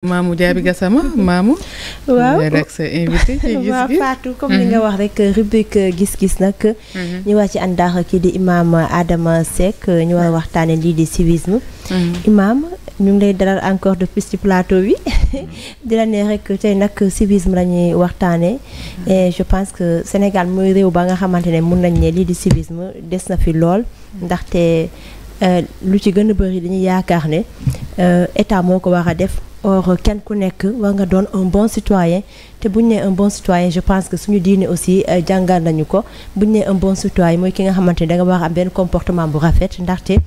Mamou Diaby Gassama Mamou. waaw rek comme li nga wax rek rubrique euh, gis-gis nag. Mhm. ñu wax ci àndaax kii di imaam aadama Seck ñu war a waxtaanee lii di civisme. Mhm. imaam ñu ngi lay encore de plus ci plateau bi. di la ne rek tey nag civisme la ñuy waxtaanee. Mhm. et je pense que Sénégal mooy réew ba nga xamante ne mun nañ ne lii di civisme des na fi lool. ndaxte. Euh, lu ci gën a bëri dañuy yaakaar ne euh, état moo ko war a def or kenn ku nekk war nga doon un bon citoyen te buñ ne un bon citoyen je pense que suñu diine aussi euh, jàngal nañu ko buñ ne un bon citoyen mooy ki nga xamante ne da nga war a am benn comportement bu rafet ndaxte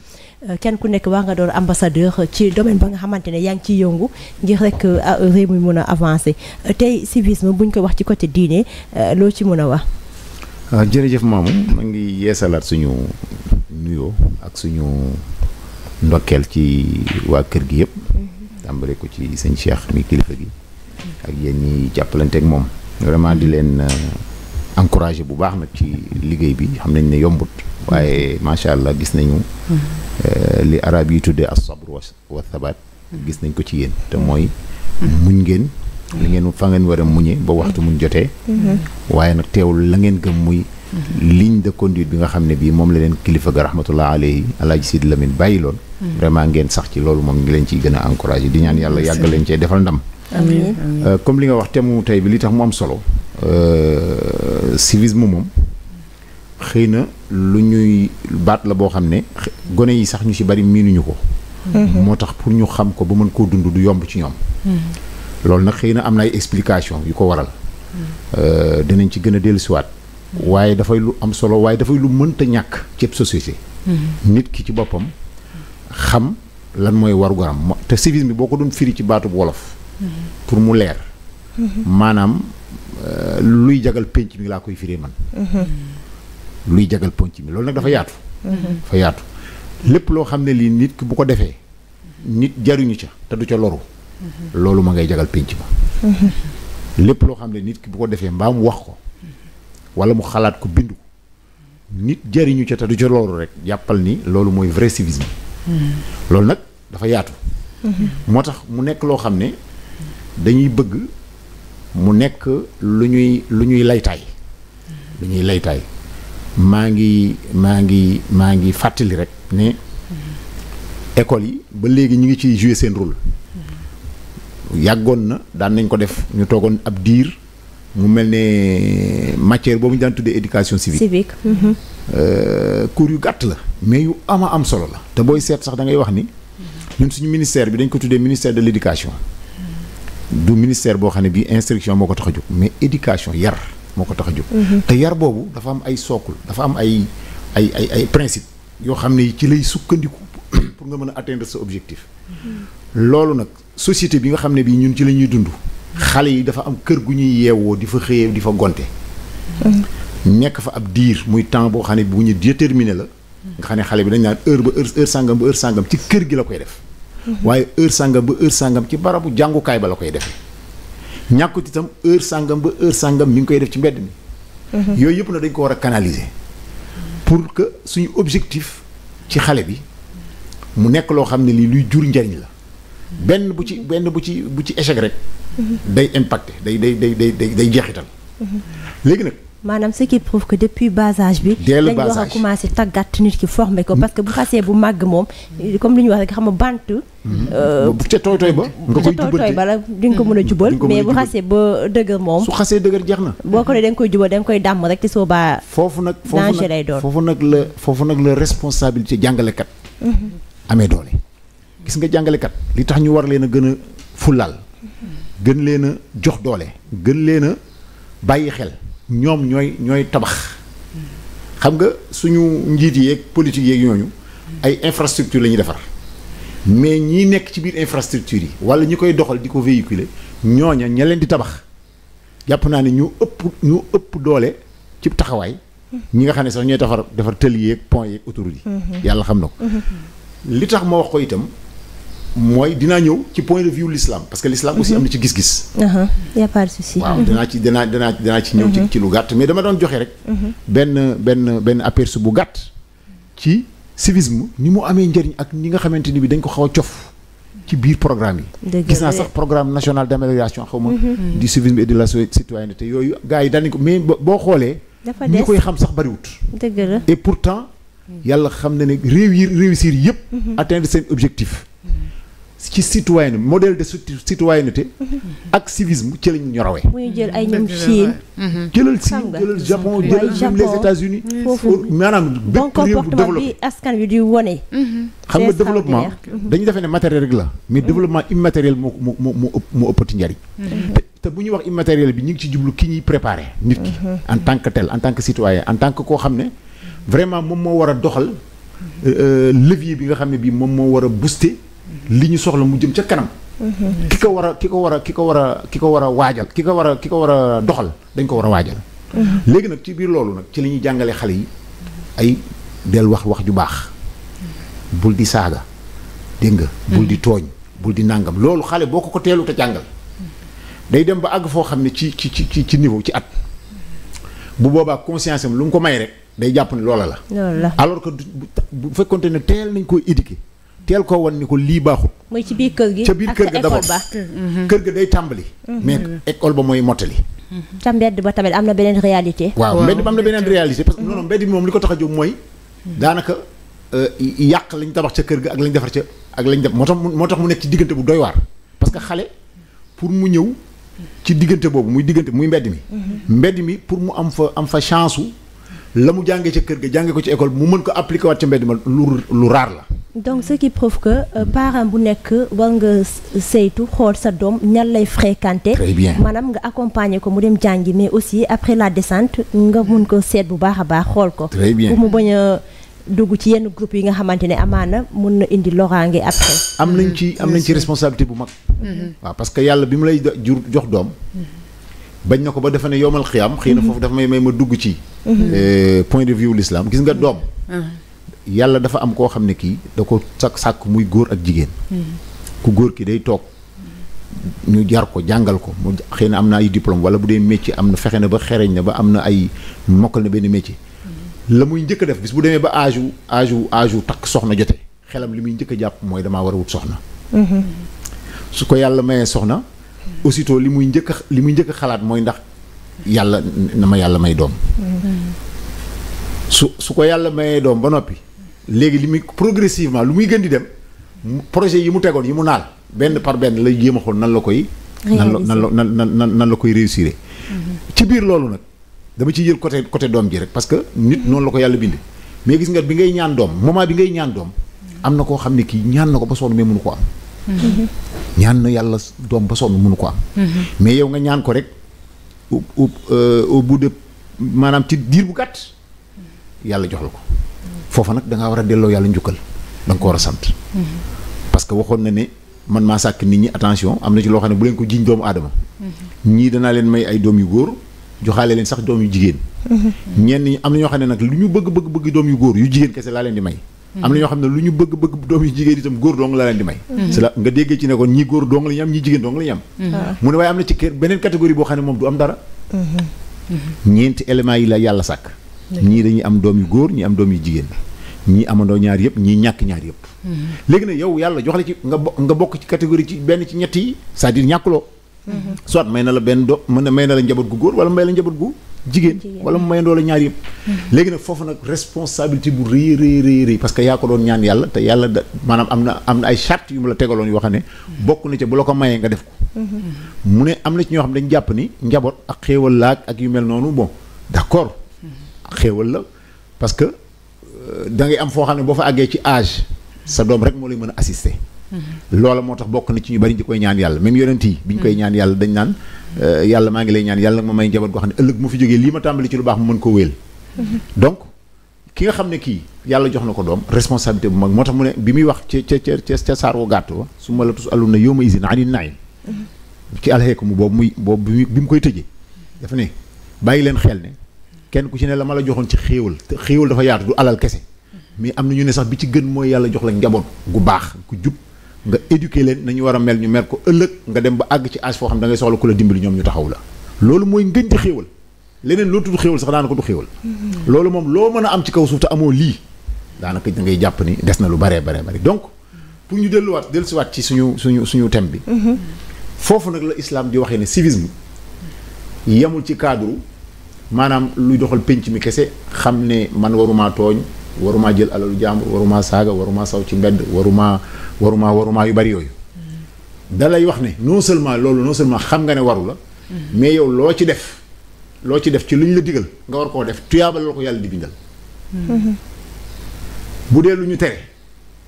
kenn ku nekk war nga doon ambassadeur ci domaine ba nga xamante ne yaa ngi ciy yëngu ngir rek réew mi mun a avancé tey civisme buñ ko wax ci côté diine loo ci mën a wax. Ah, jërëjëf maamu ma ngi suñu nuyoo ak suñu ndokkeel ci waa kër gi yëpp mm-hmm. tàmbale ko ci sëñ Cheikh mi kilifa gi ak yéen ñi jàppalante ak moom vraiment di leen euh, encouragé bu baax nag ci liggéey bi xam nañ ne yombut waaye macha allah gis nañu mm-hmm. euh, li arab yi tuddee as sabr wa mm-hmm. gis nañ ko ci yéen te mooy muñ ngeen li ngeen fa ngeen war a muñe ba waxtu muñ jotee waaye nag teewul la ngeen gëm muy ligne de conduite bi nga xam ne bii moom la leen kilifa ga rahmatullah alayhi alaaji Sidi Lamine bàyyi lool mm-hmm. vraiment ngeen sax ci loolu moom ngi leen ciy gën a di ñaan yàlla yàgg leen cee defal ndam amiin euh, comme li nga wax te mu tey bi li tax mu am solo euh, civisme moom xëy na lu ñuy baat la boo xam ne gone yi sax ñu ci bari miinuñu ko mm-hmm. moo tax pour ñu xam ko ba mën koo dund du yomb ci ñoom mm-hmm. loolu nag xëy na am na ay explication yu ko waral euh, dinañ ci gën a dellusiwaat waaye dafay lu am solo waaye dafay lu mënta ñàkk ci société. Mm-hmm. nit ki ci boppam xam lan mooy warugaram te civisme bi boo ko doon firi ci baatub wolof. Mm-hmm. pour mu leer. Mm-hmm. maanaam euh, luy jagal penc mi laa koy firee man. luy jagal penc mi loolu nag dafa yaatu. dafa yaatu lépp loo xam ne lii nit ki bu ko defee nit jariñu ca te du ca loru. loolu ma ngay jagal penc ma. lépp loo xam ne nit ki bu ko defee mbaam mu wax ko. wala mu xalaat ku bindu nit jëriñu ca te du ca loolu rek jàppal ni loolu mooy vrai civisme loolu nag dafa yaatu moo tax mu nekk loo xam ne dañuy bëgg mu nekk lu ñuy lu ñuy laytaay lu ñuy laytaay maa ngi maa ngi maa ngi fàttali rek ne école yi ba léegi ñu ngi ciy jouer seen rôle yàggoon na daan nañ ko def ñu toogoon ab diir mu mel ne matière boobu ñu daan tuddee éducation civique. Mhm. Euh, cour yu gàtt la. mais yu ama am solo la. te booy seet sax da ngay wax ni. ñun suñu ministère bi dañ ko tuddee ministère de l' éducation. du ministère boo xam ne bii instruction moo ko tax a jóg mais éducation yar moo ko tax a jóg. Mhm. te yar boobu dafa am ay sookul dafa am ay ay ay ay principe yoo xam ne ci lay sukkandiku pour nga mën a atteindre sa objectif. Mhm. loolu nag société bi nga xam ne bii ñun ci la ñuy dund. xale yi dafa am kër gu ñuy yeewoo di fa xëyee di fa gonte. nekk fa ab diir muy temps boo xam ne bu ñu déterminé la. nga xam ne xale bi dañ naan heure ba heure heure sàngam ba heure sàngam ci kër gi la koy def. waaye heure sàngam ba heure sàngam ci barabu jàngukaay ba la koy def ñàkkut itam heure sàngam ba heure sàngam mi ngi koy def ci mbedd mi. yooyu yëpp na dañ ko war a canaliser. pour que suñu objectif ci xale bi mu nekk loo xam ne lii luy jur njariñ la. benn bu ci benn bu ci bu ci échec rek. day impacté day day day day day jeexital. léegi nag. maanaam ce qui prouve que depuis bas âge bi. dès le bas âge a commencé tàggat nit ki formé ko parce que xasee bu màgg moom. comme li ñu wax rek xam nga bant. bu euh, mm-hmm. ca tooy ba. nga koy jubal ba la di ko mën a mm-hmm. jubal. mais bu xasee ba dëgër moom. su xasee dëgër jeex na. boo ko ne danga koy jubal da nga koy dàmm rek te soo baa. foofu nag foofu nag foofu nag la foofu nag la responsabilité jàngalekat. Mm-hmm. amee doole. gis nga jàngalekat li tax ñu war leen a gën a fullaal gën leen a jox doole gën leen a bàyyi xel ñoom ñooy ñooy tabax xam nga suñu njiit yeeg politique yeeg ñooñu ay infrastructure la ñuy defar mais ñi nekk ci biir infrastructure yi wala ñi koy doxal di ko véhiculer ñooña ña leen di tabax jàpp naa ne ñu ëpp ñu ëpp doole ci taxawaay ñi nga xam ne sax ñooy defar defar tëli yeeg pont yeeg autoroute yi mm-hmm. yàlla xam na ko mm-hmm. li tax ma wax ko itam mooy dinaa ñëw ci point de vue l'islam parce que l'islam si mhm. am na ci gis-gis. a pas de souci. waaw danaa ci danaa danaa ci ñëw. ci mhm. ci lu gàtt mais dama doon joxe rek. Mhm. benn benn benn aperçu bu gàtt. ci civisme ni mu amee njëriñ ak ni nga xamante ni bi dañ ko xaw a cof ci biir programme yi. gis naa sax programme national d'amélioration xaw ma. Mm. du civisme et de la citoyenneté yooyu gars yi daan ko mais boo xoolee. dafa des ñi koy xam sax bariwut. la et pourtant mm. yàlla xam ne ne réussir réussir yëpp. atteindre seen objectif. ci citoyen modèle de citoyenneté mhm. ak civisme ci lañ ñorowee. muy jël ay ñoom Chine. Mhm. jëlal Chine jëlal Japon jëlal les maanaam bépp réew bu mhm. développement dañu la mais développement immatériel moo moo moo ëpp moo ëppati njariñ. te bu ñuy wax immatériel bi ñu ngi ci jublu ki ñuy préparé. nit ki en tant que tel en tant que citoyen en tant que koo xam ne vraiment moom moo war a doxal euh, euh, levier bi nga xam ne bii moom moo war a booster. li ñu soxla mu jëm ca kanam. Mhm. ki ko war a ki ko war a ki ko war a ki ko war a waajal ki ko war a ki ko war a doxal dañ ko war a waajal. Mhm. léegi nag ci biir loolu nag ci li ñuy jàngale xale yi ay del wax wax ju baax. bul di saaga dégg nga. bul di mhm. tooñ bul di nàngam loolu xale boo ko ko teelu te jàngal. day dem ba àgg foo xam ne ci ci ci ci niveau ci at. bu boobaa conscience am lu mu ko may rek day jàpp ni loola la. alors que bu fekkonte ne teel nañ koy éduquer. teel koo wan ni ko lii baaxut. mooy ci biir kër gi ca biir kër ga d'abord mhm. kër ga day tàmbali. Mhm. mais école ba mooy mottali. Mhm. te mbedd ba tamit am na beneen réalité. waaw mbedd ba am na beneen réalité parce que non moom li ko tax a jóg mooy. daanaka euh, yàq lañ tabax ca kër ga ak lañ defar ca ak lañ def moo tax mu nekk ci diggante bu doy waar. parce que xale pour mu ñëw ci diggante boobu muy diggante muy mbedd mi. mbedd mi pour mu am fa am fa chance la mu jàngee ca kër ga jàngee ko ci école mu la. donc ce qui prouve que euh, parent bu nekk war nga saytu xool sa doom ñan lay fréquenter. très bien maanaam nga accompagner ko mu dem jàngi mais aussi après la descente nga mun ko seet bu baax a baax xool ko. très bien mu bañ a dugg ci yenn groupe yi nga xamante ne amaana mun na indi loraange après. am nañ ci am nañ ci responsabilité bu mag. Mhm. waaw parce que yàlla bi mu lay jur jox doom. Mhm. bañ na ko ba defa ne yowmal xiyaam xëy na mhm. foofu dafa may may ma dugg ci. Euh, point de vue l'islam gis nga doom. yàlla dafa am koo xam ne kii da ko sàkk sàkk muy góor ak jigéen ku góor ki day toog ñu jar ko jàngal ko mu xëy na am na ay diplôme wala bu dee métier am na fexe na ba xereñ na ba am na ay mokkal na benn métier la muy njëkk a def bis bu demee ba ajo ajo âge wu âge wu takk soxna jote xelam li muy njëkk a jàpp mooy damaa war a wut soxna su ko yàlla mayee soxna aussitôt li muy njëkk a li muy njëkk xalaat mooy ndax yàlla na ma yàlla may doom su su ko yàlla mayee doom ba noppi léegi li muy progressivement lu muy gën di dem projet yi mu tegoon yi mu naal benn par benn lay jéem a xool nan la koy. nan la nan la nan nan nan la koy réussir. Mhm. ci biir loolu nag dama ci jël côté côté doom ji rek parce que nit noonu la ko yàlla bind mais gis nga bi ngay ñaan doom moment bi ngay ñaan doom am na koo xam ne kii ñaan na ko ba sonn mais mënu ko am. Mhm. ñaan na yàlla doom ba sonn mënu ko am. Mhm. mais yow nga ñaan ko rek au au euh, bout de maanaam ci diir bu gàtt yàlla jox la ko. foofa nag da ngaa war a delloo yàlla njukkal da nga ko war a sant. parce waxoon na ne man maa sàkk nit ñi attention am na ci loo xam ne bu leen ko jiñ doomu aadama. ñii danaa leen may ay doom sax doom yu jigéen. ñenn ñi am na ñoo xam ne nag lu ñu bëgg bëgg bëgg doom yu góor yu jigéen kese laa leen di may. am na ñoo xam ne lu ñu bëgg bëgg doom yu jigéen itam góor dong la leen di may. c'est la nga déggee ci ne kon ñii góor dong la ñu am ñii jigéen dong la ñu am. mu ne waaye am na ci beneen catégorie boo xam ne moom du am dara. Mm-hmm. ñeenti éléments yi la yàlla sàkk ñii dañuy am doom yu góor ñii am doom yu jigéen ñii amandoo ñaar yëpp ñii ñàkk ñaar yëpp. Mm-hmm. léegi na yow yàlla jox la ci nga bo nga bokk ci catégorie ci benn ci ñetti yi c'est-à-dire ñàkkuloo. Mm-hmm. soit may na la benn do mën na may na la njaboot gu góor wala may la njaboot gu jigéen wala mu mayandoo la ñaar yëpp. Mm-hmm. léegi nag foofu nag responsabilité bu rëy rëy rëy parce que yaa ko doon ñaan yàlla te yàlla da maanaam am na am na ay charte yu mu la tegaloon yoo xam ne bokk na ca bu la ko mayee nga def ko. mu ne am na ci ñoo xam ne dañu jàpp ni njaboot ak xéewal laag ak yu mel noonu bon d'accord xéewal la parce que euh, da ngay am foo xam ne boo fa àggee ci âge sa doom rek moo lay mën a assister. Mm-hmm. loola moo tax bokk na ci ñu bari ñu koy ñaan yàlla même yonent yi bi ñu koy mm-hmm. ñaan yàlla dañ naan euh, yàlla maa ngi lay ñaan yàlla nag ma may njaboot goo xam ne ëllëg mu fi jógee lii ma tàmbali ci lu baax mu mën ko wéel mm-hmm. donc ki nga xam ne kii yàlla jox na ko doom responsabilité bu mag moo tax mu ne bi muy wax ca ca ca ca saar wo gàtt wa su ma la tus allu na yow ma isin ani ci alxeeku mu boobu muy boobu bi mu koy tëjee dafa ne bàyyi leen xel ne kenn ku ci ne la ma la joxoon ci xéewal te xéewal dafa yaatu du alal kese mais am na ñu ne sax bi ci gën mooy yàlla jox la njaboot gu baax gu jub nga éduquer leen ñu war a mel ñu mel ko ëllëg nga dem ba àgg ci âge foo xam da ngay soxla ku la dimbali ñoom ñu taxaw la loolu mooy ngën ci xéewal leneen loo tudd xéewal sax daanaka du xéewal loolu moom loo mën a am ci kaw suuf te amoo lii daanaka da ngay jàpp ni des na lu baree baree bari donc pour ñu delluwaat dellusiwaat ci suñu suñu suñu thème bi mhm. foofu nag la islam di waxee ne civisme yemul ci cadre maanaam luy doxal pénc mi kese xam ne man waruma tooñ waruma jël alalu jàmbur waruma saaga waruma saw ci mbedd waruma waruma waruma yu bari yooyu da wax ne non seulement loolu non seulement xam nga ne waru la mais yow loo ci def loo ci def ci lu ñu la digal nga war koo def tuyaabal la ko yàlla di bindal bu dee lu ñu tere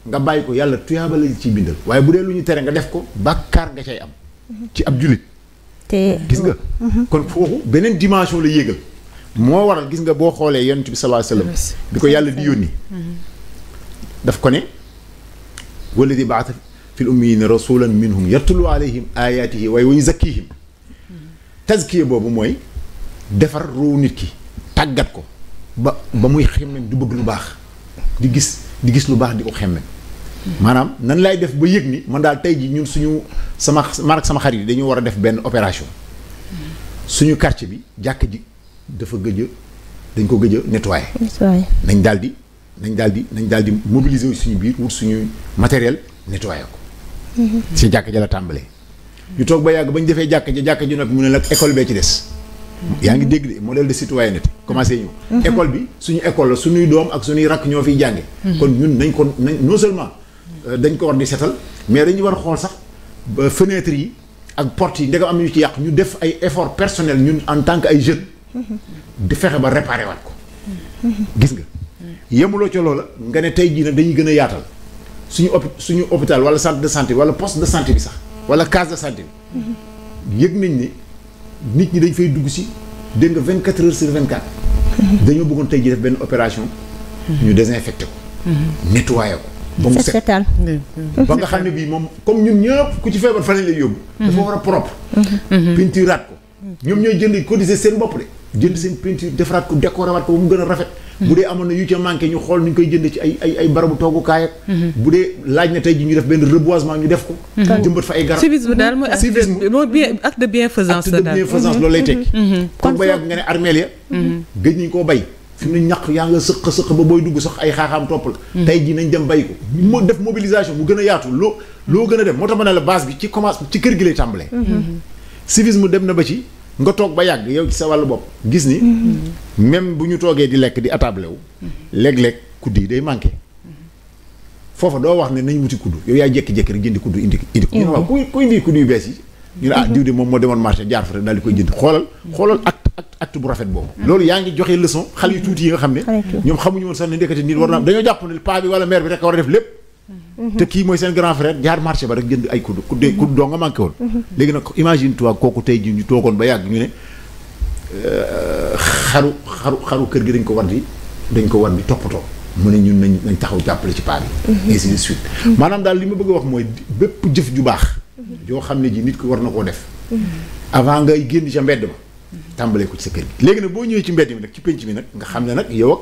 nga bàyyi ko yàlla tuyaabal la ci bindal waaye bu dee lu ñu tere nga def ko bàkkaar nga cay am ci ab jullit te gis nga mm-hmm. kon foofu beneen dimension la yéegal moo waral gis nga boo xoolee yonent bi sallallahu alayhi wa bi ko yàlla di yónni mm-hmm. ko ne walladi baata fi l ummiyina rasulan minhum yatlu alayhim ayatihi waaye wa yuzakkihim mm-hmm. tazkiya boobu mooy defar ruu nit ki tàggat ko ba ba muy xemmem du bëgg lu baax di gis di gis lu baax di ko xemmem mm-hmm. maanaam nan laay def ba yëg ni man daal tey ji ñun suñu sama man ak sama xarit yi dañu war a def benn opération suñu quartier bi jàkk ji dafa gëj a dañ ko gëj a nettoyer. nettoyer nañ daal di nañ daal di nañ daal di mobiliser suñu biir wut suñu matériel nettoyer ko. Mhm. ci jàkka ja la tàmbalee. ñu toog ba yàgg ba ñu defee jàkka ja jàkka ju nag mu ne nag école bee ci des. Mhm. yaa ngi dégg de modèle de citoyenneté commencé ñu. Mhm. école bi suñu école la suñuy doom ak suñuy rakk ñoo fiy jànge kon ñun nañ ko nañ non seulement euh, dañ ko war di setal mais dañu war a xool sax ba euh, fenêtre yi ak porte yi ndegam am ñu ci yàq ñu def ay effort personnel tant que ay jeunes. di fexe ba réparé waat ko. gis nga. yemuloo ca la nga ne tey jii nag dañuy gën a yaatal suñu op suñu hôpital wala centre de santé wala poste de santé bi sax wala case de santé bi. yëg nañ ne nit ñi dañ fay dugg si dégg nga vingt quatre heures sur vingt quatre. dañoo bëggoon tey jii def benn opération. ñu désinfecté ko. nettoyé ko. ba mu set ba nga xam ne bii moom comme ñun ñëpp ku ci feebar fa lañ lay yóbbu. dafa war a propre. Mhm. pinturaat ko. ñoom ñooy jënd cotiser seen bopp jënd seen peinture defaraat ko décorer waat ko ba mu gën a rafet. Hmm. bu dee amoon na yu ca manqué ñu xool nu ñu koy jënd ci ay ay barabu toogukaay hmm. bu dee laaj na tey ji ñu def benn reboisement ñu def ko. Hmm. jëmbat fa ba yàgg nga ne armeel ya gëj nañu koo bay. fi mu ne yaa nga sëq sëq ba booy dugg sax ay xaaxaam topp la. tey jii nañ dem bay ko. mo def mobilisation mu gën a yaatu loo loo gën a def moo tax ma ne la base bi ci commence ci kër gi lay tàmbalee. civisme dem na nga toog ba yàgg yow ci sa wàll bopp gis ni. même bu ñu toogee di lekk di attablé wu. léeg-léeg kudd yi day manqué. foofa doo wax ne nañ wuti kudd yow yaa jékki-jékki rek jëndi kudd indi indi. Mm-hmm. ñu ne waaw kuy kuy indi kudd yu bees yi. ñu ne ah mm-hmm. diw moom moo demoon marché jaar fa rek daal di koy jënd xoolal. xoolal acte acte acte bu rafet boobu. Mm-hmm. loolu yaa ngi joxe leçon xale yu tuuti yi nga xam ne. ñoom xamuñu woon sax ne ndekete nit war na dañoo jàpp ne paa bi wala mère te kii mooy seen grand frère jaar marché ba rek jënd ay kudd kudd kudd doo nga manqué woon léegi nag imagine toi kooku tey ji ñu toogoon ba yàgg ñu ne euh, xaru xaru xaru kër gi dañ ko war di dañ ko war di toppatoo mu ne ñun nañ nañ taxaw jàppale ci paar yi mhm. mhm. maanaam daal li ma bëgg a wax mooy bépp jëf ju baax mhm. yoo xam ne ji nit ko war na koo def avant ngay génn ca mbedd ma tàmbalee ko ci kër gi léegi nag boo ñëwee ci mbedd mi nag ci pénc mi nag nga xam ne nag yow ak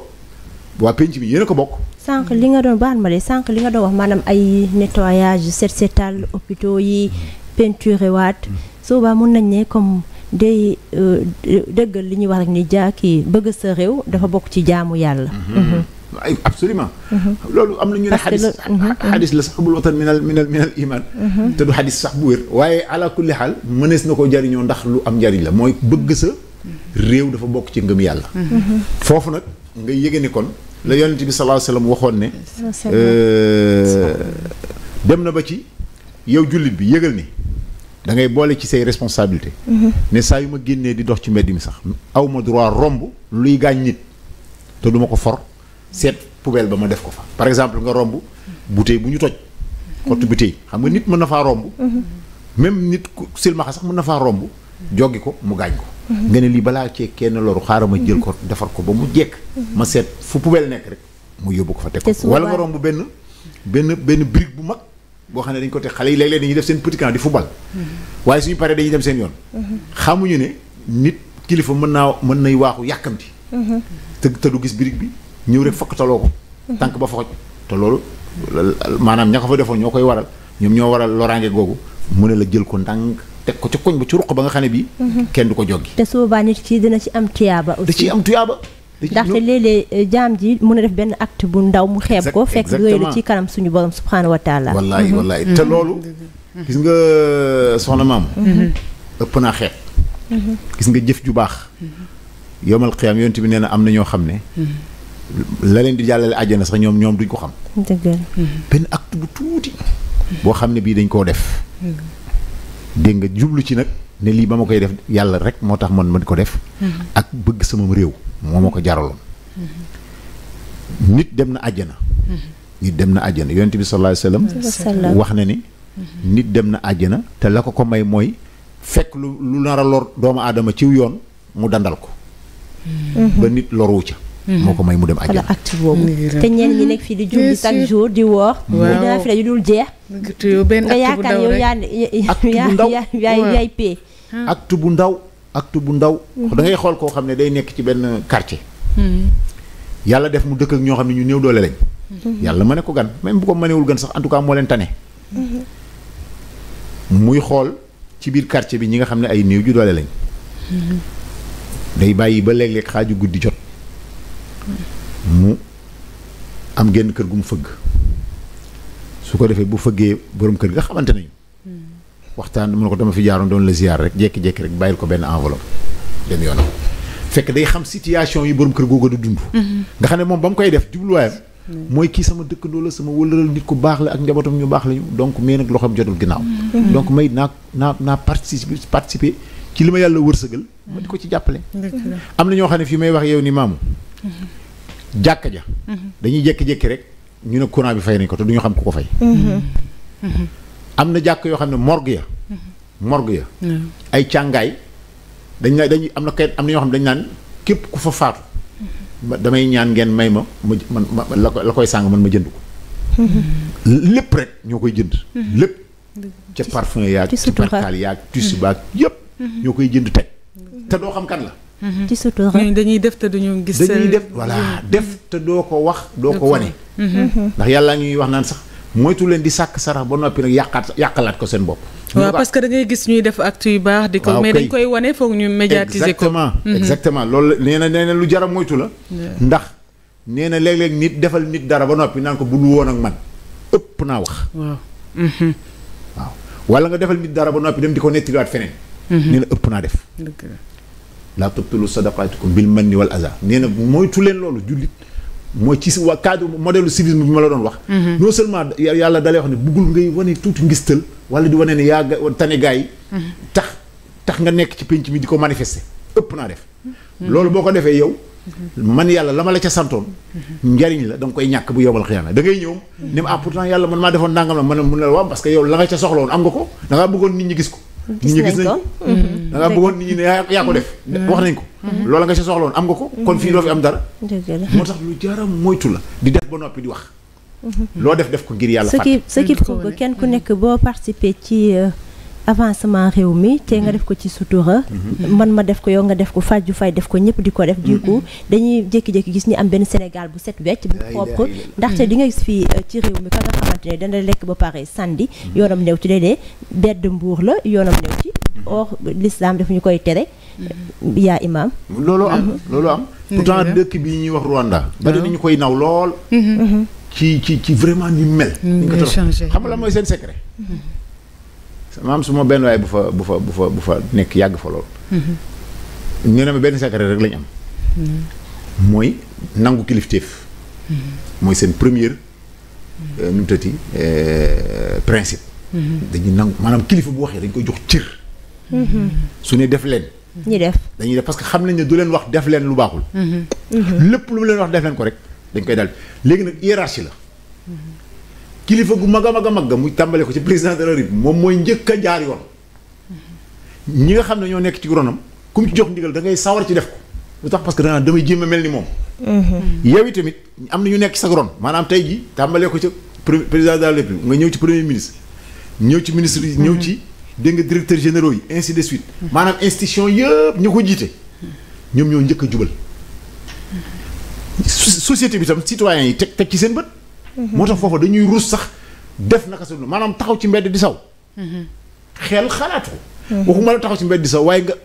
waa pénc mi yéen a ko bokk sànq li nga doon baal ma de sànq li nga doon wax maanaam ay nettoyage set setal hôpitaux yi peinture waat mm. soobaa mun nañ ne comme day euh, dëggal li ñuy wax rek ni jaaki bëgg sa réew dafa bokk ci jaamu yàlla mm-hmm. Mm-hmm. ay absolument mm-hmm. loolu am na ñu ne xadis xadis la sax bul watan minal minal minal iman sax bu wér waaye ala kulli xaal mënees na koo jariñoo ndax lu am njariñ la mooy bëgg sa réew dafa bokk ci ngëm yàlla foofu nag nga yëge ni kon la yonent bi sallallahu alayhi wasallam waxoon ne euh, dem na ba ci yow jullit bi yëgal ni da ngay boole ci say responsabilité mhm. ne saa yu ma génnee di dox ci meddi mi sax aw ma droit romb luy gaañ nit te duma ko for seet poubelle ba ma def ko fa par exemple nga romb bouteille bu ñu toj xottu bouteille xam nga nit mën na faa romb mhm. même nit ku silmaxa sax mën na faa romb joggi ko mu gaañ ko. nga ne lii balaa cee kenn loru xaaral ma jël ko defar ko ba mu jekk. ma seet fu poubelle nekk rek mu yóbbu ko fa teg ko. wala nga romb benn benn benn bu mag. boo xam ne dañ ko teg xale yi léeg-léeg dañuy def seen petit camp di football. waaye suñu paree dañuy dem seen yoon. xamuñu ne nit kilifa mën naa mën nay waaxu yàkkamti. te te du gis brique bi ñëw rek fokkataloo ko. tànk ba foxoj te loolu maanaam ña ko fa defoon ñoo koy waral ñoom ñoo waral loraange googu mu ne la teg ko ci koñ ba ci ruq ba nga xam ne bii. Mhm. kenn du ko joggi. te su boobaa nit ci dina ci am tuyaaba. da ciy am tuyaaba. ndaxte léeg eh, jaam ji mën a def benn acte bu ndaw mu xeeb ko fekk yooyu la ci kanam suñu borom subhaanahu wa taala. wallaay mhm. mhm. te loolu. gis nga euh, soxna maam. ëpp naa xeeb. gis nga jëf ju baax. yomal xiyaam yonent bi nee am na ñoo xam ne. la leen di jàllale àjjana sax ñoom ñoom duñ ko xam. dëgg benn acte bu tuuti. boo xam ne bii dañ koo def. dégg nga jublu ci nag ne lii ba ma koy def yàlla rek moo tax man ma ko def. Mm-hmm. ak bëgg sama réew moo ma ko jaraloon. Mm-hmm. nit dem na àjjana. Mm-hmm. nit dem na àjjana yonent bi sallallahu alayhi wa sallam wax na ni. nit dem na àjjana te la ko ko may mooy fekk lu lu nar a lor doomu aadama ciw yoon mu dandal ko. ba nit loru ca. Mhm. moo ko may mu dem àjjana acte boobu te ñenn ñi nekk fii di julli chaque jour di woor waaw dinaa fi la yu dul jeex nga yaakaar yow yaa yaa yaay p pee ah. acte bu ndaw acte bu ndaw mhm. da ngay xool koo xam ne day nekk ci benn quartier mhm. yàlla def mu dëkk ak ñoo xam ne ñu néew doole lañ yàlla ma ne ko gan même bu ko mënewul gan sax en tout cas moo leen tane muy xool ci biir quartier bi ñi nga xam ne ay néew ju doole lañ day bàyyi ba léeg-léeg xaaju guddi jot mu am genn kër gu mu fëgg su ko defee bu fëggee borom kër ga xamante nañu hmm. waxtaan mu ne ko dama fi jaaroon doon la ziar rek jékki-jékki rek bàyyil ko benn enveloppe dem yoonam fekk day xam situation yi borom kër googu di dund hmm. nga xam ne moom ba mu koy def jubluwaayam hmm. mooy kii sama dëkkandoo la sama wëlëral nit ku baax la ak njabootam ñu baax lañu donc mais nag loxoom jotul ginnaaw donc may naa naa naa participer participer ci li ma yàlla wërsëgal ma di ko ci jàppale na ñoo xam ne fii may wax yow ni jàkka ja. dañuy jékki-jékki rek ñu ne courant bi fay nañ ko te du ñu xam ku ko fay. am na jàkk yoo xam ne morgue ya. morgue ya. ay càngaay dañ na dañuy am na kay am na ñoo xam ne dañu naan képp ku fa faatu. damay ñaan ngeen may ma ma man ma la koy sàng man ma jënd ko. lépp rek ñoo koy jënd. lépp ca parfum yaag. ci sutura ca percale yaag tissu baag yëpp. Mm-hmm. ñoo koy jënd teg te doo xam kan la. Mhm. ci sutura dañuy def te duñu gis. dañuy def voilà def te doo ko wax doo ko wane. Mhm. Mhm. ndax yàlla ñuy wax naan sax moytu leen di sàkk sarax ba noppi nag yàqaat yàqalaat ko seen bopp. waaw parce que da ngay gis ñuy def actu yu baax. di ko mais dañ koy wane foog ñu médiatiser ko exactement exactement loolu nee na nee na lu jar a moytu la. ndax nee na léeg nit defal nit dara ba noppi naan ko bul woon ak man ëpp naa wax. waaw. waaw wala nga defal nit dara ba noppi dem di ko nettaliwaat feneen. nee ëpp naa def. laa tubtilu sadaqaatikum bil manni wal aza nee na moytu leen loolu jullit mooy ci waa cadre modèle civisme bi ma la doon wax mhm. non seulement yàlla dalay wax ne buggul ngay wane tuuti ngistal wala di wane ne yaa tane gaa yi mhm. tax tax nga nekk ci pénc mi di ko manifester ëpp naa def mhm. loolu boo ko defee yow man yàlla la ma la ca santoon njariñ la da koy ñàkk bu yomal xiyaana da ñëw ne ah pourtant yàlla man maa defoon nangam la man nit ñi gis ko gis nañ ko mhm. mhm. da nga bëggoon nit ñi ne yaa ko def mhm. wax nañ ko loola nga si soxla woon am nga ko kon fii doo fi am dara moo tax lu jaram moytu la di def ba noppi di wax loo def def ko ngir yàlla ce qui ce qui prouve que kenn ku nekk boo participer ci euh, avancement réew mi te nga mhm. def ko ci sutura mhm. man ma def ko yow nga def ko faj fay def ko ñëpp di ko def du mhm. coup dañuy jékki-jékki gis ni am benn Sénégal bu set wecc bu propre ndaxte di nga gis fii euh, ci réew mi ka nga xamante ne dana lekk ba pare sandi yoonam new ci déedee bedd mbuur la yoonam new ci or l'islam daf ñu koy tere yaa imaam loolu am loolu am pourtant dëkk bi ñuy wax Rwanda bari ñu koy naw lool ci ci ci vraiment ni mel xam nga la mooy s secret maam su ma benn waay bu fa bu fa bu fa bu fa nekk yàgg fa lool. Mm-hmm. ñu ne ma benn secret rek lañ am. Mm-hmm. mooy nangu kilif kilifteef. Mm-hmm. mooy seen première euh, nu mu tëti euh, principe. dañuy nangu maanaam kilifa bu waxee dañ koy jox cër. su ne def leen. ñi def dañuy def parce que xam nañ ne du leen wax def leen lu baaxul. lépp lu mu leen wax def leen ko rek dañ koy dal léegi nag hiérarchie la. kilifa gu mag a mag a mag muy tàmbale ko ci président de la République moom mooy njëkk a jaar yoon ñi nga xam ne ñoo nekk ci ronam ku mu jox ndigal da ngay sawar ci def lu tax parce que damay jéem a mel ni moom. Mm-hmm. yow tamit am na ñu nekk sa ron maanaam tey jii tàmbalee ko ca président de la République nga ñëw ci premier ministre ñëw ci ministre yi ñëw ci mm-hmm. dégg nga directeur généraux yi ainsi de suite. Mm-hmm. maanaam institution yëpp ñu ko jiite ñoom ñoo njëkk a jubal société bi tam citoyens yi teg teg ci seen bët. moo tax foofu dañuy ruus sax def naka sa maanaam taxaw ci mbedd di saw. xel xalaat ko. Mhm. waxuma taxaw ci mbedd di saw waaye nga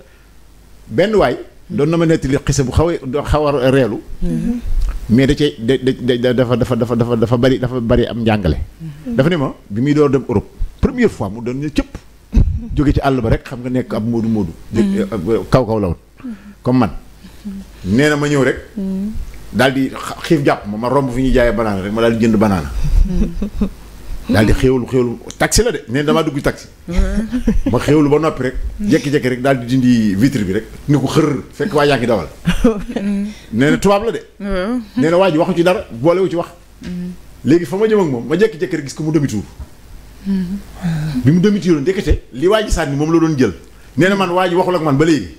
benn waay. doon na ma nettali xisa bu xaw a xaw a reelu. Mhm. mais da cee da da dafa dafa dafa dafa dafa bari dafa bari am njàngale. Mhm. dafa ne ma bi muy door dem Europe première fois mu doon ne cëpp. jóge ci àll ba rek xam nga nekk ab moodu moodu. kaw kaw la woon comme man. nee na ma ñëw rek. daal di xiif jàpp ma ma romb fi ñuy jaayee banaana rek ma daal di jënd banaana daal di xéewlu xéewlu taxi la de nee damaa dugg taxi ma xéewlu ba noppi rek jekki-jekki rek daal di dindi vitre bi rek ni ko xër fekk waa yaa ngi dawal nee na tubaab la de nee waa ji waxu ci dara boolewu ci wax mm-hmm. léegi fa ma jëm ak moom ma jekki-jekki rek gis ko mu demituur mm-hmm. bi mu demituuroon ndekete li waa ji sànni moom la doon jël nee na man waa ji waxul ak man ba léegi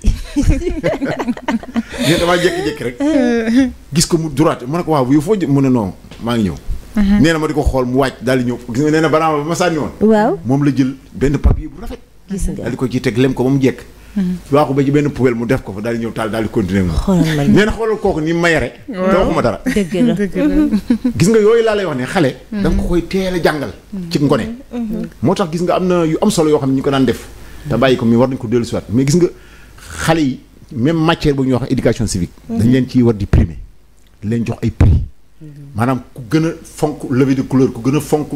mais damaa jékki-jékki rek. ko mu ma ne ko waaw yow foo jë mu ne non maa ngi ñëw. Mhm. nee na ma mu wàcc daal di ñëw gis ba ma sànni woon. waaw la jël benn papier ko ciy teg lem ko ba mu jekk. Mhm. waaxu ba ci benn poubelle mu ko fa daal di ñëw taal daal di continuer dara. gis nga yooyu laa lay wax ne xale. Mhm. da nga ko koy teel a jàngal. ci ngone. moo tax gis nga am na yu am solo yoo xam ne ñu ko daan def. te bàyyi ko mi war nañ ko dellusiwaat mais gis nga xale yi même matière bu ñuy wax éducation civique. dañ leen ciy war di primer leen jox ay prix. maanaam ku gën a fonk levée de couleur ku gën a fonk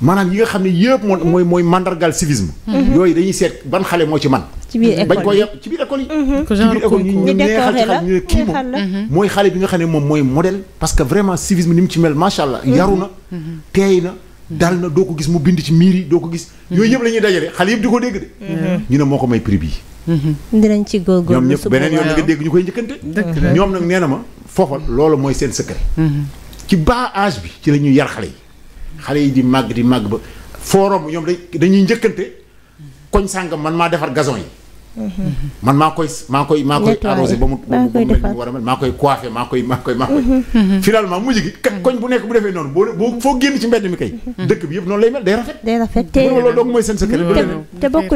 maanaam yi nga xam ne yëpp moo mooy mooy mandargaal civisme. Mhm. yooyu dañuy seet ban xale moo ci man ci biir école bañ ko yàpp ci biir école yi. Mhm. ci biir école ñu ne kii moom mhm. mooy xale bi nga xam ne moom mooy modèle. parce que vraiment civisme ni mu ci mel macha allah. yaru na teey na. dal na doo ko gis mu bind ci miir yi doo ko gis. yooyu yëpp la ñuy dajale xale yëpp di ko dégg de. moo ko may prix bii. Mm-hmm. dinañ ci góorgóorlu ñoom ñëpp beneen yoon nga dégg ñu koy njëkkante ñoom nag nee ma foofa loolu mooy seen secret mm-hmm. ci bas âge bi ci la ñuy yar xale yi xale yi di màgg di màgg ba forum ñoom dañuy njëkkante koñ sàngam man maa defar gazon yi man maa koy maa koy maa koy arrosé ba a mel maa koy coiffé maa koy maa koy maa koy mhm. Mhm. Mhm. finalement mujj gi koñ bu nekk bu defee noonu boo foo génn ci mbedd mi kay dëkk bi yëpp noonu lay mel day rafet day rafet loolu donc mooy seen secret te bokk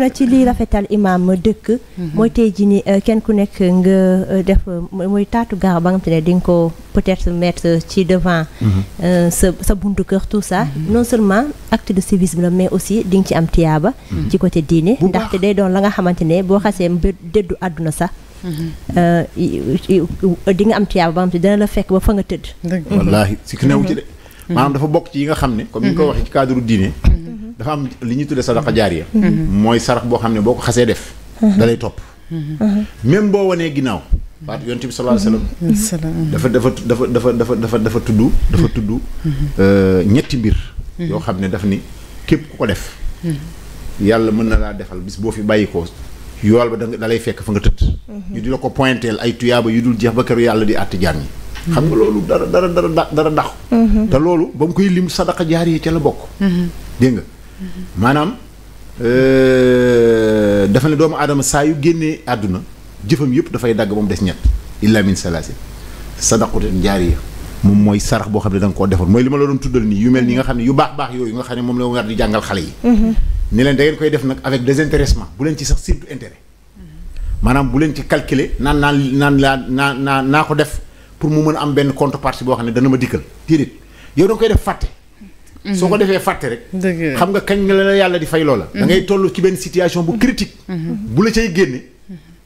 dëkk mooy tey ji ni kenn ku nekk nga euh, def mooy taatu gaar ba nga xam te ne di ko peut-être ci devant euh, sa sa buntu kër tout ça non seulement acte de civisme la mais aussi di nga ci am tiyaaba ci côté diine ndaxte day doon la nga xamante xasee dëddu àdduna sax. Mhm. Euh, di nga am tiyaaba ba nga xam te la fekk ba fa nga tëdd. wallaahi si ki newu ci de. Mhm. Mhm. maanaam dafa bokk ci yi nga xam ne. comme ni nga ko waxee ci cadre diine. dafa am li ñuy tuddee sadaqa jaariya. mooy sarax boo xam ne boo ko xasee def. da topp. même boo wanee ginnaaw. baatu yonent bi sallallahu alayhi wa dafa dafa dafa dafa dafa dafa dafa tudd. dafa tudd euh, ñetti mbir. yoo xam ne daf ni képp ku ko def. yàlla mën na laa defal bis boo fi bàyyi ko yool ba da lay fekk fa nga tëdd. Mhm. ñu di la ko pointeel ay tuyaaba yu dul jeex ba këru yàlla di àtti jaam yi. xam nga loolu dara dara da dara daxu mhm. te loolu ba mu koy lim sadaqa jaar yi ca la bokk mhm. dégg maanaam euh, dafa ne doomu aadama saa yu génnee àdduna jëfam yëpp dafay dagg ba mu des ñett illa min salaasin sadaqatin jaariya moom mooy sarax boo xam ne da nga koo defoon mooy li ma la doon tuddal nii yu mel ni nga xam ne yu baax baax yooyu nga xam ne moom la war di jàngal xale yi mm-hmm. ni leen da ngeen koy def nag avec désintéressement bu leen ci sax surtout intérêt mm-hmm. maanaam bu leen ci calculer naan naa naa naa ko def pour mu mën a am benn contrepartie boo xam ne dana ma dikkal déedéet yow da koy def fàtte mm-hmm. soo ko defee fàtte rek xam nga kañ la la yàlla di fay loola da ngay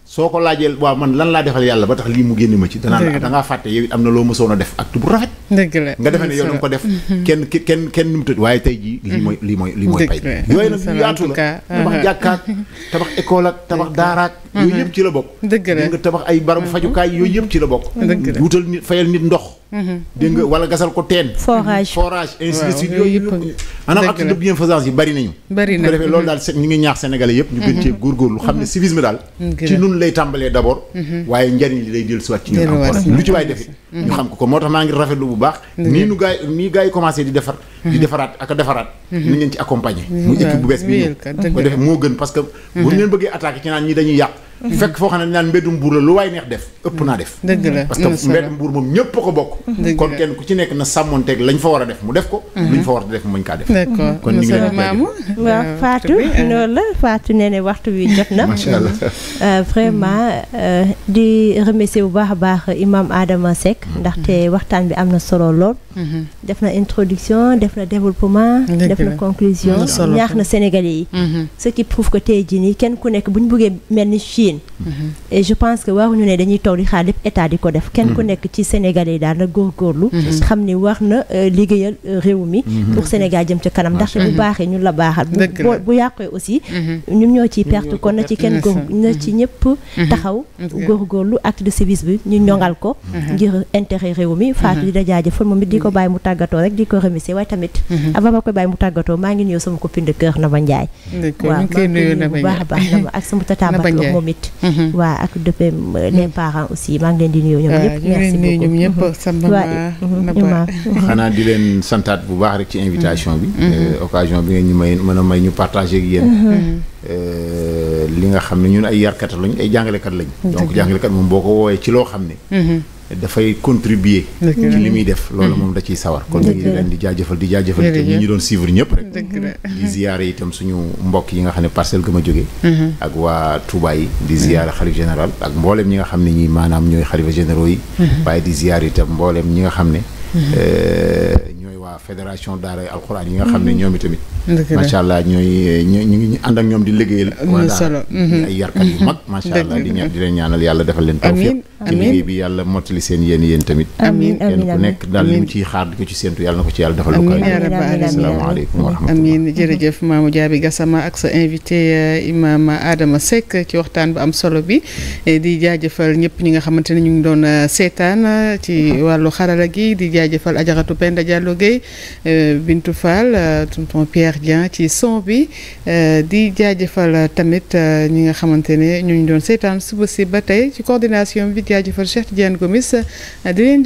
soo ko laajee waaw man lan laa defal yàlla ba tax lii mu génn ma ci. danaa da ngaa fàtte yow am na loo mësoon a def acte bu rafet. dëgg la nga defee ne yow nga ko def. kenn kenn kenn nu waaye tey jii. lii mooy lii mooy lii mooy pay. la tabax uh-huh. jàkkaak tabax école ak tabax daaraak. yooyu uh-huh. yëpp ci la la nga tabax ay barabu uh-huh. fajukaay yooyu yëpp ci la bokk. wutal nit fayal nit ndox. dégg nga wala gasal ko teen. forage forage ainsi de suite yooyu yëpp. dëgg la maanaam acte de bienfaisance yi bari nañu. bari defee loolu daal ñu ngi ñaax sénégalais yëpp. ñu gën cee góorgóorlu xam ne civisme daal. ci nun lay tàmbalee d'abord. waaye njariñ li lay dellusiwaat ci ñun encore lu ci waay defit ñu xam ko ko moo tax maa ngi rafetlu bu baax. nii nu gaay nii gars yi commencé di defar. di mhm. defaraat ak a defaraat. ni mhm. ngeen ci accompagner. Mhm. muy équipe bu bees bi ñu ko moo gën parce bu ñu leen bëggee attaqué ci naan ñi dañuy yàq. fekk foo xam ne naan mbédum buur la lu waay neex def ëpp naa def parce que buur moom ñëpp a ko bokk kon kenn ku ci nekk na sàmmonteeg lañ fa war a def mu def ko mhm. luñ fa war a def mu mañ kaa def kon ñu euh, waxtu wi jot na euh, vraiment euh, di remercier bu baax a baax imam Adama Seck mhm. ndaxte waxtaan bi am na solo lool mhm. def na introduction def na développement def na conclusion ñaax na Sénégalais yi ce qui prouve que tey jii nii kenn ku nekk bu ñu buggee mel Chine. et je pense que waruñu ne dañuy toog di xaar lépp état di ko def. kenn ku mm-hmm. nekk ci Sénégal yi daal na góorgóorlu. Mm-hmm. xam ni war na euh, liggéeyal euh, réew mi. Mm-hmm. pour Sénégal jëm ca kanam ndaxte bu baaxee ñu la baaxal. bu bu yàqee aussi. ñu ñoo ciy perte kon na ci kenn góor na ci ñëpp. taxaw góorgóorlu acte de service bi ñu ñoŋal ko. ngir intérêt réew mi. Fatou di la jaajëfal moom it di ko bàyyi mu tàggatoo rek di ko remercier waaye tamit. avant ma koy bàyyi mu tàggatoo maa ngi nuyu sama copine de cœur Naba tamit. Mhm. waa ak dëppee euh, les mm. parents aussi maa ngi leen di nuyu ñoom ñëpp. merci beaucoup ñoom ñëpp Samba mhm, xanaa di leen santaat bu baax rek ci invitation bi. Mhm. Euh, occasion bi ngeen ñu may mën a may ñu partager ak yéen. Euh, li nga xam ne ñun ay yarkat lañ ay jàngalekat lañ. donc jàngalekat moom boo ko woowee ci loo xam ne. dafay contribuer ci li muy def loolu moom da ciy sawar kon ñu ngi leen di jaajëfal di jaajëfal te ñi doon suivre ñëpp rek di ziyaare itam suñu mbokk yi nga xam ne parcelle gëm a jóge mhm. ak waa tubaay yi di mhm. ziyaare xalif général ak mbooleem ñi nga xam ne ñi maanaam ñooy xalifa généraux yi mhm. waaye di ziyaare itam mbooleem ñi nga xam ne eh, ñooy waa fédération daara alxuraan yi nga xam ne ñoom itamit macha allah ñooy ñu ngi ànd ak ñoom di liggéeyal solo mhm. ay yarkat yu mag macha allah di ñaan di leen ñaanal yàlla defal leen tawfiq ci liggéey bi yàlla mottali seen yéen yéen tamit amiin nekk daal li mu ciy xaar ko ci séentu yàlla na ko ci yàlla defal lu ko asalaamaaleykum wa rahmatulah amiin jërëjëf Mamou Diaby Gassama ak sa invité eh, a Adama Seck ci waxtaan bu am solo bi eh, di jaajëfal ñëpp ñi nga xamante ne ñu ngi doon eh, seetaan ci uh-huh. wàllu xarala gi di jaajëfal ajaratu Penda Diallo Gueye Bintou Fall tonton Pierre Cheikh Dieng ci son bi euh, di jaajëfal euh, tamit euh, ñi nga xamante ne ñu doon seetaan suba si ba tey ci coordination bi jaajëfal Cheikh Dieng Gomis di leen di